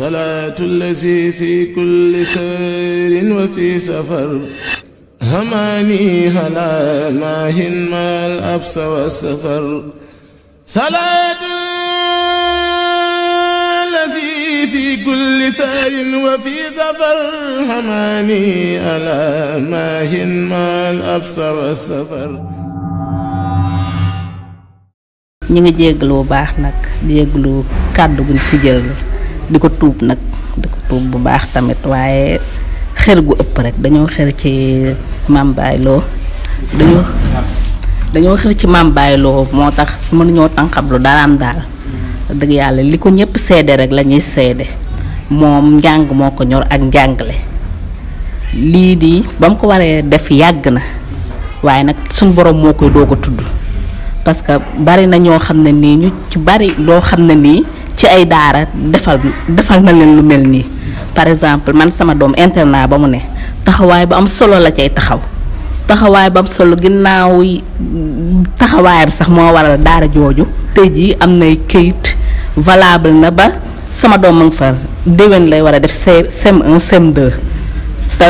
salaatu lazi fi kulli sayrin wa fi safar hamaani halaa maahin maal absa wa safar salaatu lazi fi kulli sayrin wa fi safar hamaani halaa maahin maal absa wa safar ñi ngi jégalu bu baax nag jégalu kàddu guñ fi jël di ko tuub nag di ko tuub bu baax tamit waaye xër gu ëpp rek dañoo xër ci maam bàyyiloo dañoo dañoo ci maam bàyyiloo moo tax mënuñoo tànqablu daraam daal dëgg yàlla li ko ñépp seede rek lañuy ñuy seede moom njàng moo ko ñor ak njàngle lii di ba mu ko waree def yàgg na waaye nag suñ borom moo koy doog a tudd parce que bari na ñoo xam ne nii ñu ci bari loo xam ne nii ci ay daara defal defal na leen lu mel nii par exemple man sama doom internat ba mu ne taxawaay bu am solo la cay taxaw taxawaay bu am solo ginnaaw taxawaayam sax moo waral daara jooju tey jii am nay këyit valable na ba sama doom ma nga fa déwén lay war a def CM1 CM2 te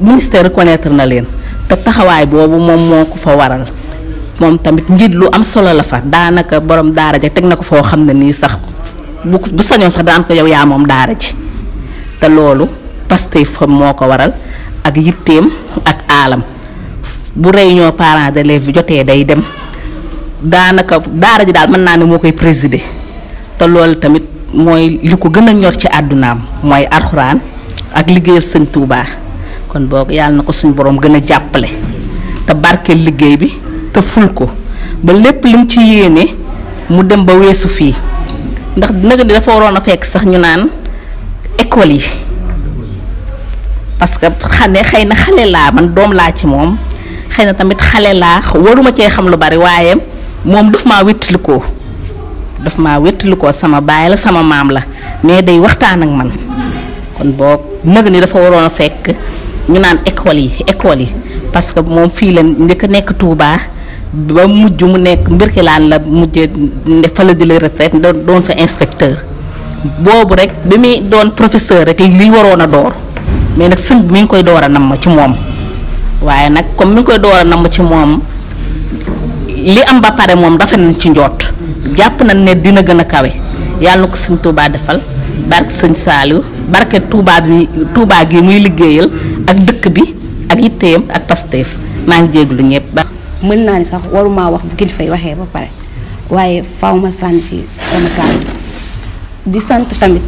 ministère reconnaître na leen te taxawaay boobu moom moo ko fa waral moom tamit njiit lu am solo la fa daanaka boroom daara ja teg na ko foo xam ne nii sax bu bu sañoon sax daan ko yow yaa moom daara ji te loolu Pastef moo ko waral ak yitteem ak aalam bu ñoo parents d'élèves bi jotee day dem daanaka daara ji daal mën naa ne moo koy présider te loolu tamit mooy li ko gën a ñor ci àddunaam mooy arxuraan ak liggéeyal sëñ Tuubaa kon boog yàlla na ko suñu borom gën a jàppale te barkeel liggéey bi. te ko ba lépp lim ci yéene mu dem ba weesu fii ndax nag di dafa waroon a fekk sax ñu naan école yi parce que xane xëy na xale laa doom laa ci moom xëy na tamit xale laa waruma cee xam lu bari waaye moom daf maa ko daf maa wéttali ko sama baay la sama maam la mais day waxtaan ak man kon boo nag ni dafa waroon a fekk ñu naan école yi école yi parce que moom fii la njëkk a nekk Touba. ba mujj mu nekk mbirkilaan la mujje mujj fa la jëlee retraite doon fa inspecteur boobu rek bi muy doon professeur rek li waroon a door mais nag sëñ bi mi ngi koy door a namm ci moom waaye nag comme mu ngi koy door a namm ci moom li am ba pare moom rafet nañ ci njoot jàpp nañ ne dina gën a kawe yàlla na ko sëñ Touba defal barke sëñ Saliou barke Touba bi Touba gi muy liggéeyal ak dëkk bi ak yitteem ak pasteef maa ngi jéeglu ñëpp. mën naa ni sax waruma wax bu kilifa yi waxee ba pare waaye faaw ma sànni ci di sant tamit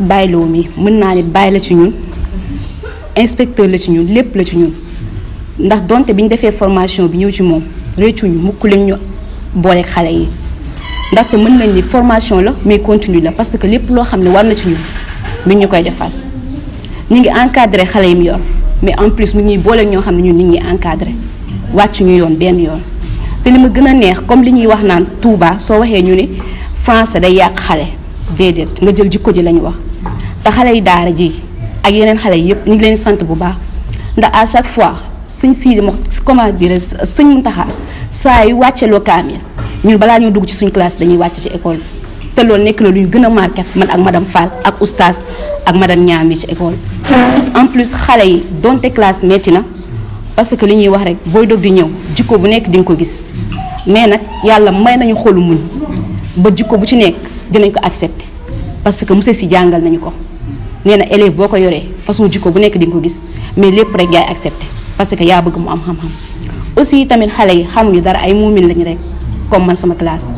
bàyyiloo mi mën naa ni bàyyi la ci ñun inspecteur la ci ñun lépp la ci ñun ndax donte bi ñu defee formation bi ñëw ci moom réccuñu mukk lañ ñu boole xale yi ndaxte mën nañ ni formation la mais continue la parce que lépp loo xam ne war na ci ñun mi ñu koy defal ñu ngi encadré xale yi mu yor mais en plus mu ngi boole ñoo xam ne ñun ñu ngi encadré wàccuñu yoon benn yoon te li ma gën a neex comme li ñuy wax naan Touba soo waxee ñu ni français day yàq xale déedéet nga jël jikko ji la ñu wax te xale yi daara ji ak yeneen xale yëpp ñu ngi leen sant bu baax ndax à chaque fois suñ siidi mo comment dire suñ Muntaxa saa yu wàccee loo kaamil ñun balaa ñoo dugg ci suñ classe dañuy wàcc ci école te loolu nekk la lu gën a marqué man ak madame Fall ak oustaz ak madame Ñaam yi ci école en plus xale yi donte classe métti na parce que li ñuy wax rek booy dog di ñëw jikko bu nekk di nga ko gis mais nag yàlla may nañu xolu muñ ba jikko bu ci nekk dinañ ko accepter parce que monsieur si jàngal nañu ko nee na élève boo ko yoree façon jikko bu nekk di ko gis mais lépp rek yaay accepter parce que yaa bëgg mu am xam-xam aussi tamit xale yi xamuñu dara ay muumin lañu rek comme man sama classe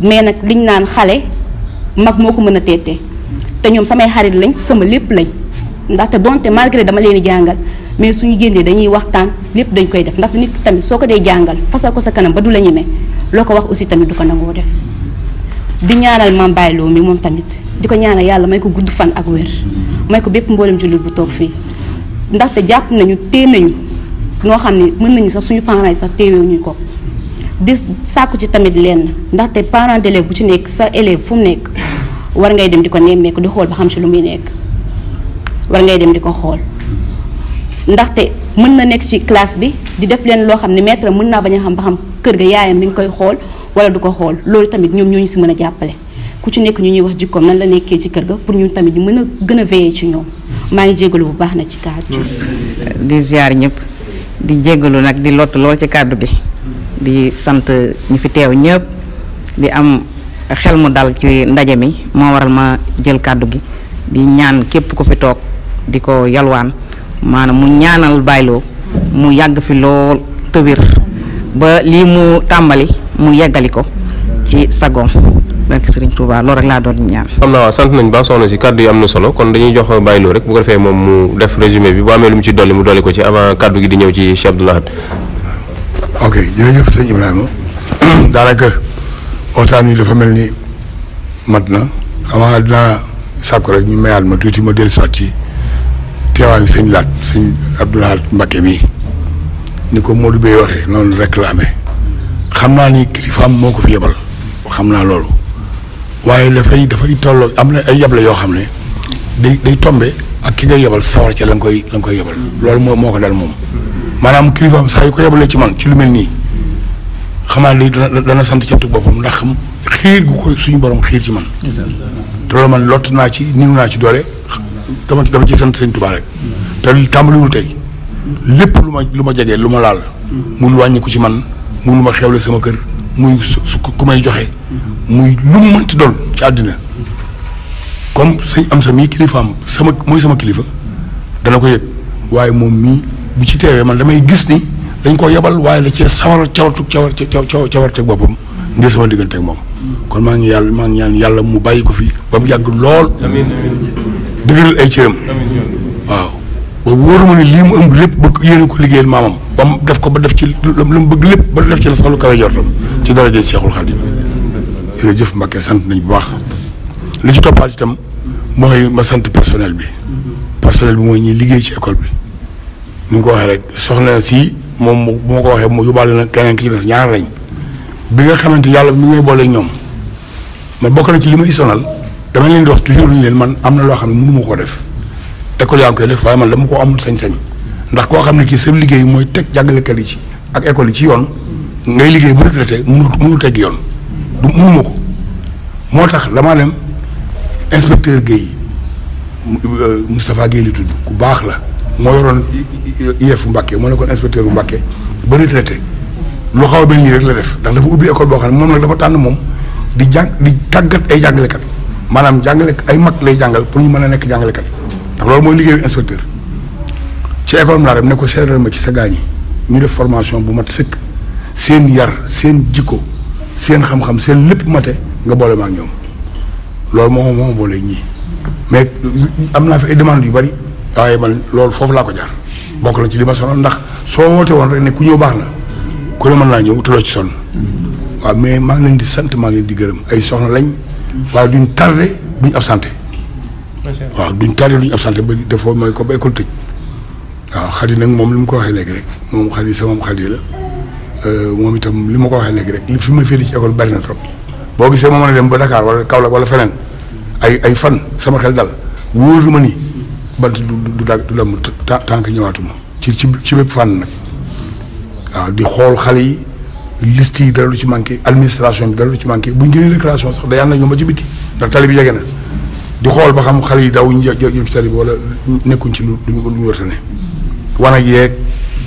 mais nag liñ naan xale mag moo ko mën a teete te ñoom samay xarit lañ sama lépp lañ ndaxte donte malgré dama leen di jàngal mais suñu génnee dañuy waxtaan lépp dañ koy def ndax nit tamit soo ko dee jàngal fasal ko sa kanam ba du la ñemee loo ko wax aussi tamit du ko nangoo def di ñaanal maam Baye Lo mi moom tamit di ko ñaanal yàlla may ko gudd fan ak wér may ko bépp mboolem jullit bu toog fii ndaxte jàpp nañu téye nañu noo xam ne mën nañu sax suñu parent yi sax téewewuñu ko di sàkku ci tamit lenn ndaxte parent d'élève bu ci nekk sa élève fu mu nekk war ngay dem di ko nemmeeku di xool ba xam ci lu muy nekk war ngay dem di ko xool ndaxte mën na nekk ci classe bi di def leen loo xam ne maître mën naa bañ a xam ba xam kër gi yaayam mi ngi koy xool wala du ko xool loolu tamit ñoom ñoo ñu si mën a jàppale ku ci nekk ñu ñuy wax jikkoom nan la nekkee ci kër ga pour ñu tamit ñu mën a gën a veiller ci ñoom maa ngi jégalu bu baax na ci kàddu di ziar ñëpp di jégalu nag di lott ci kàddu gi di sant ñu fi teew ñëpp di am xel mu dal ci ndaje mi moo waral ma jël kàddu gi di ñaan képp ku fi toog di ko yalwaan maanaam mu ñaanal bayloo mu yàgg fi lool te wér ba lii mu tàmbali mu yeggali ko ci sagoom donc Serigne Touba loolu rek laa doon ñaan. xam naa sant nañ baax soxna si kàddu yi am na solo kon dañuy jox bayloo rek bu defee moom mu def résumé bi bu amee lu mu ci dolli mu dolli ko ci avant kàddu gi di ñëw ci Cheikh Abdou Lahad. ok jërëjëf sëñ Ibrahima daanaka waxtaan wi dafa mel ni mat na xam naa dinaa sàkku rek ñu mayaat ma tuuti ma dellusiwaat ci. teewaayu sëñ Laat sëñ Abdou Lahad Mbacké ni ko Modou waxee noonu rek la amee xam naa ni kilifaam moo ko yebal xam naa loolu waaye dafay dafay tolloo am na ay yable yoo xam ne day day tombe ak ki nga yebal sawar ca koy la koy yebal loolu moo moo moom maanaam kilifaam saa yu ko yebalee ci man ci lu mel nii xamaa li dana dana sant ca boppam ndax xiir gu ko suñu borom xiir ci man te loolu man lott naa ci niw naa ci doole dama dama ci sant sëñ Tuubaa rek te tàmbaliwul tey lépp lu ma lu ma jege lu ma laal mu lu wàññiku ci man muy lu ma xewle sama kër muy su ku may joxe muy lu mu mënti doon ci àddina comme sëñ am sa mii kilifaam sama mooy sama kilifa dana ko yëg waaye moom mii bu ci teewee man damay gis ni dañ ko yebal waaye la cee sawar cawartu cawar cawarteg boppam ngir sama digganteeg moom kon maa ngi yàlla maa ngi yàlla mu bàyyi ko fii ba mu yàgg lool dëgëral ay cëram waaw ba wóoruma ne lii mu ëmb lépp bëgg yéene ko liggéeyal maamam ba def ko ba def ci lu mu bëgg lépp ba def ci la sax lu kawe jortam ci daraja Seexul Xadim jërëjëf Mbacke sant nañ bu baax li ci toppaat itam mooy ma sant personnel bi personnel bi mooy ñuy liggéey ci école bi ni mu ko waxee rek soxna si moom bu ma ko waxee mu yóbbaale na keneen ki ci des ñaar lañ bi nga xamante yàlla mu ngay booleeg ñoom ma bokk na ci li may sonal dama leen di wax toujours lu leen man am na loo xam ne mënu ma koo def école yaa ngi koy def waaye man dama ko amul sañ-sañ ndax koo xam ne kii sa liggéey mooy teg jàngalekat yi ci ak école yi ci yoon ngay liggéey bu retraité mënu mënu teg yoon du ko moo tax damaa dem inspecteur Guèye euh, Moustapha Guèye li tudd ku baax la moo yoroon IEF Mbacke moo nekkoon inspecteur bu Mbacke ba retraité lu xaw a benn nii rek la def ndax dafa ubbi école boo xam ne moom nag dafa tànn moom di jàng di tàggat ay jàngalekat maanaam jàngale ay mag lay jàngal pour ñu mën a nekk jàngalekat ndax loolu mooy liggéeyu inspecteur ci école laa ne ko seetal ma ci sa gaañi ñu def formation bu mat sëkk seen yar seen jikko seen xam-xam seen lépp mate nga boole ma ak ñoom loolu moom moom boole ñii mais am naa fi ay demande yu bari waaye man loolu foofu laa ko jaar bokk la ci li ma sonal ndax soo woote woon rek ne ku ñëw baax na ku ne mën naa ñëw te doo ci son waa mais maa ngi leen di sant maa ngi di gërëm ay soxna lañ. waaye duñ tardé duñ absenté. waaw duñ tardé duñ absenté ba defoo mooy ko ba école tëj. waaw xarit nag moom li mu ko waxee léegi rek moom xarit moom xarit la euh, moom itam li ma ko waxee léegi rek li fi ma féetee ci école bari na trop. boo gisee ma mën a dem ba Dakar wala Kaolack wala feneen ay ay fan sama xel dal lu ma ni bant du du du damm tànk ñëwaatuma ci ci ci bépp fànn nag waaw di xool xale yi. liste yi dara lu ci manqué administration bi dara lu ci manqué bu ñu génnee récréation sax day ànd ak ñoom ba ci biti ndax tali bi jege na di xool ba xam xale yi daw ñu jëm ci tali bi wala nekkuñ ci lu lu ñu war a ne wanag ak yeeg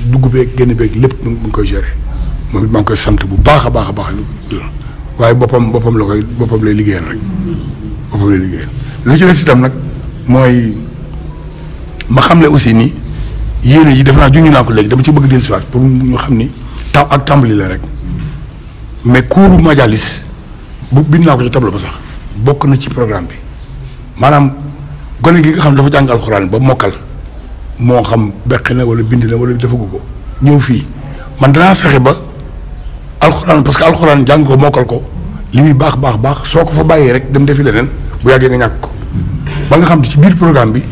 dugg beeg génn beeg lépp mu ngi koy gérer moom it koy sant bu baax a baax a baax waaye boppam boppam la koy boppam lay liggéeyal rek boppam lay liggéeyal lu nag mooy ma xamle aussi ni yéene yi def naa juñu naa ko léegi dama ci bëgg dellusiwaat pour ñu xam ni taw ak tàmbali la rek. mais kuuru majalis bu bind naa ko ci tableau ba sax bokk na ci programme bi maanaam gone gi nga xam dafa jàng alxuraan ba mokkal moo xam beq na wala bind na wala defagu ko ñëw fii man danaa fexe ba alxuraan parce que alxuraan jàng ko mokkal ko li muy baax baax baax soo ko fa bàyyee rek dem defi leneen bu yàggee nga ñàkk ko ba nga xam ci biir programme bi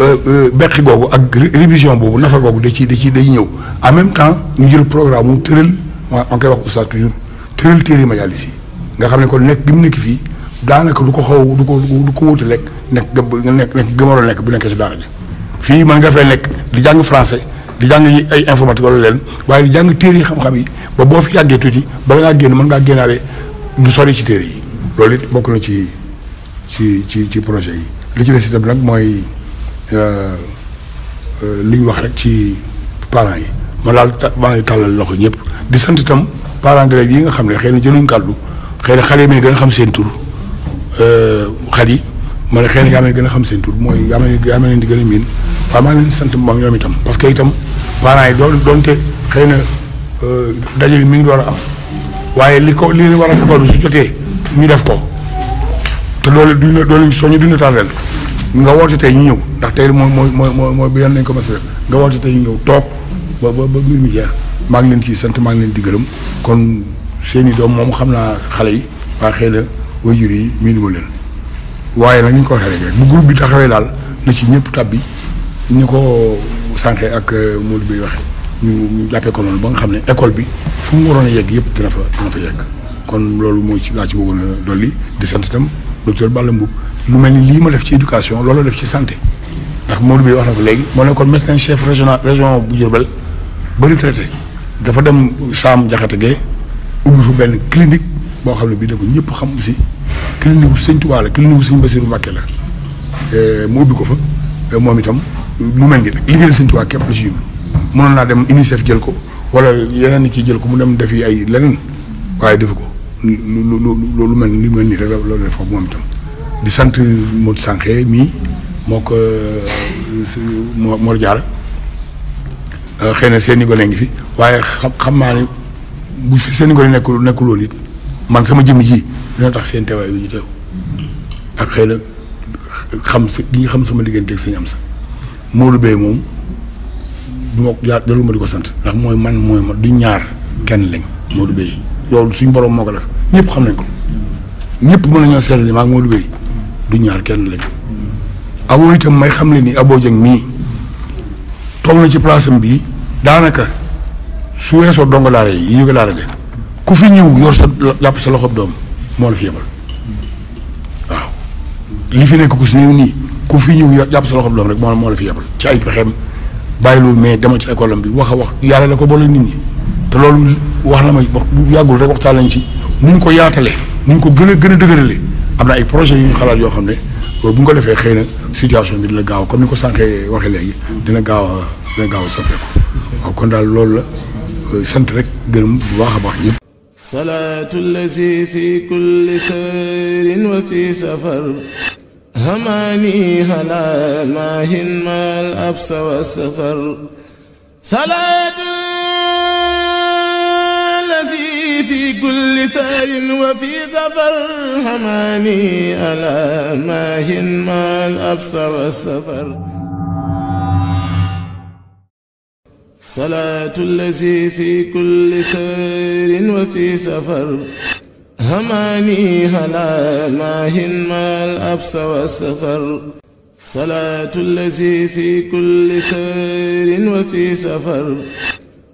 euh, euh, beqi googu ak révision boobu nafa googu da ci da ci day ñëw en même temps ñu jël programme mu tëral waaw on koy wax oustaz toujours tëral téere majalis yi nga xam ne kon nekk gi mu nekk fii daanaka du ko xaw du ko du ko wuti lekk nekk gë nekk gëmaroo nekk bu nekkee si daara ji fii mën nga fay nekk di jàng français di jàng ay informatique wala leen waaye di jàng téere yi xam-xam yi ba boo fi yàggee tuuti bala ngaa génn mën ngaa génnaale du sori ci téere yi loolu it bokk na ci ci ci ci projet yi li ci des itam nag mooy euh, euh, li wax rek ci parents yi ma daal maa ngi tàllal loxo ñëpp di sant itam parents d'élèves yi nga xam ne xëy na jëluñ kàddu xëy na xale yi may gën a xam seen tur euh, xale yi ma ne xëy yaa may gën a xam seen tur mooy yaa may yaa may di gën a miin waaw sant moom ñoom itam parce que itam parents yi doon doonte xëy na euh, daje bi mi ngi door a waaye li ko li leen war a préparé su jotee ñu def ko te loolu duñu soo soñu duñu tardel nga woote tey ñu ñëw ndax tey mooy moo moo moo bi yan nañ commencé def nga woote tey ñu ñëw toog ba ba ba mi jeex maa ngi leen ci sant maa ngi leen di gërëm kon seen i doom moom xam naa xale yi waa xëy na waajur yi miinuma leen waaye nag ni ñu ko waxee rek bu groupe bi taxawee daal na ci ñëpp tàbbi ñu ko sànqee ak euh, Modou bi waxee ñu ñu jàppee ko noonu ba nga xam ne école bi fu mu waroon a yegg yëpp dina fa dina fa yegg kon loolu mooy ci laa ci bëggoon a dolli di sant itam docteur Balla Mboup lu mel ni lii ma def ci éducation loolu def ci santé ndax Modou bi wax na ko léegi moo nekkoon médecin chef régional région bu Diourbel ba retraité dafa dem Saam Jaxate Gaye ubbi fu benn clinique boo xam ne bii de ko ñëpp xam si clinique bu sëñ Tuubaa la clinique bu sëñ la eh, mu ubbi ko fa eh, moom itam lu mel ni rek liggéeyal sëñ Tuubaa képp la ci yóbbu mënoon naa dem UNICEF jël ko wala yeneen ni ciy jël ko mu dem defi ay leneen waaye defu ko lu lu lu mel ni lu mel nii rek loolu def ko moom itam di sant Modou Sankhé mii moo ko eh, Mor Diarra Euh, xëy na seen i gone ngi fi waaye xam xam maa ne bu fi seen i gone nekkul nekkul woon man sama jëmm ji dina tax seen teewaay bi ñu teew ak xëy na xam si gi nga xam sama diggante ak sëñ am sax Modou Bey moom du ma yaa ma di ko sant ndax mooy man mooy ma du ñaar kenn lañ Modou Bey loolu suñ borom moo ko def ñëpp xam nañ ko ñëpp mën nañoo seetlu ni maa ngi lu Bey du ñaar kenn lañ aboo itam may xam le ni aboo jëng mii toog na ci place am bii daanaka su weesoo dongo daara yi yi ñu daara ja ku fi ñëw yor sa làpp sa doom moo la fi yebal waaw nekk ku si ñëw nii ku fi ñëw jàpp sa loxob doom rek moo moo la fi yebal ci ay pexeem bàyyilu mais demal ci école bi wax a wax yàlla la ko boole nit ñi te loolu wax na ma bu yàggul rek waxtaan lañ ci ni ñu ko yaatale ni ñu ko gën a gën a am na ay projet yu ñu xalaat yoo xam ne bu nga ko defee xëy na situation bi dina gaaw comme ni ko sànqee waxee léegi dina gaaw dina gaaw a soppeeku waaw kon daal loolu la euh, sant rek gërëm bu baax a baax ñëpp salaatu lazi fi kulli sayrin wa fi safar hamani halal maahin mal absa wa safar في كل سار وفي ظفر حماني ألا ماهن ما الأبصر السفر صلاة الذي في كل سار وفي سفر هماني هلا ماهن ما الأبس والسفر صلاة الذي في كل سار وفي سفر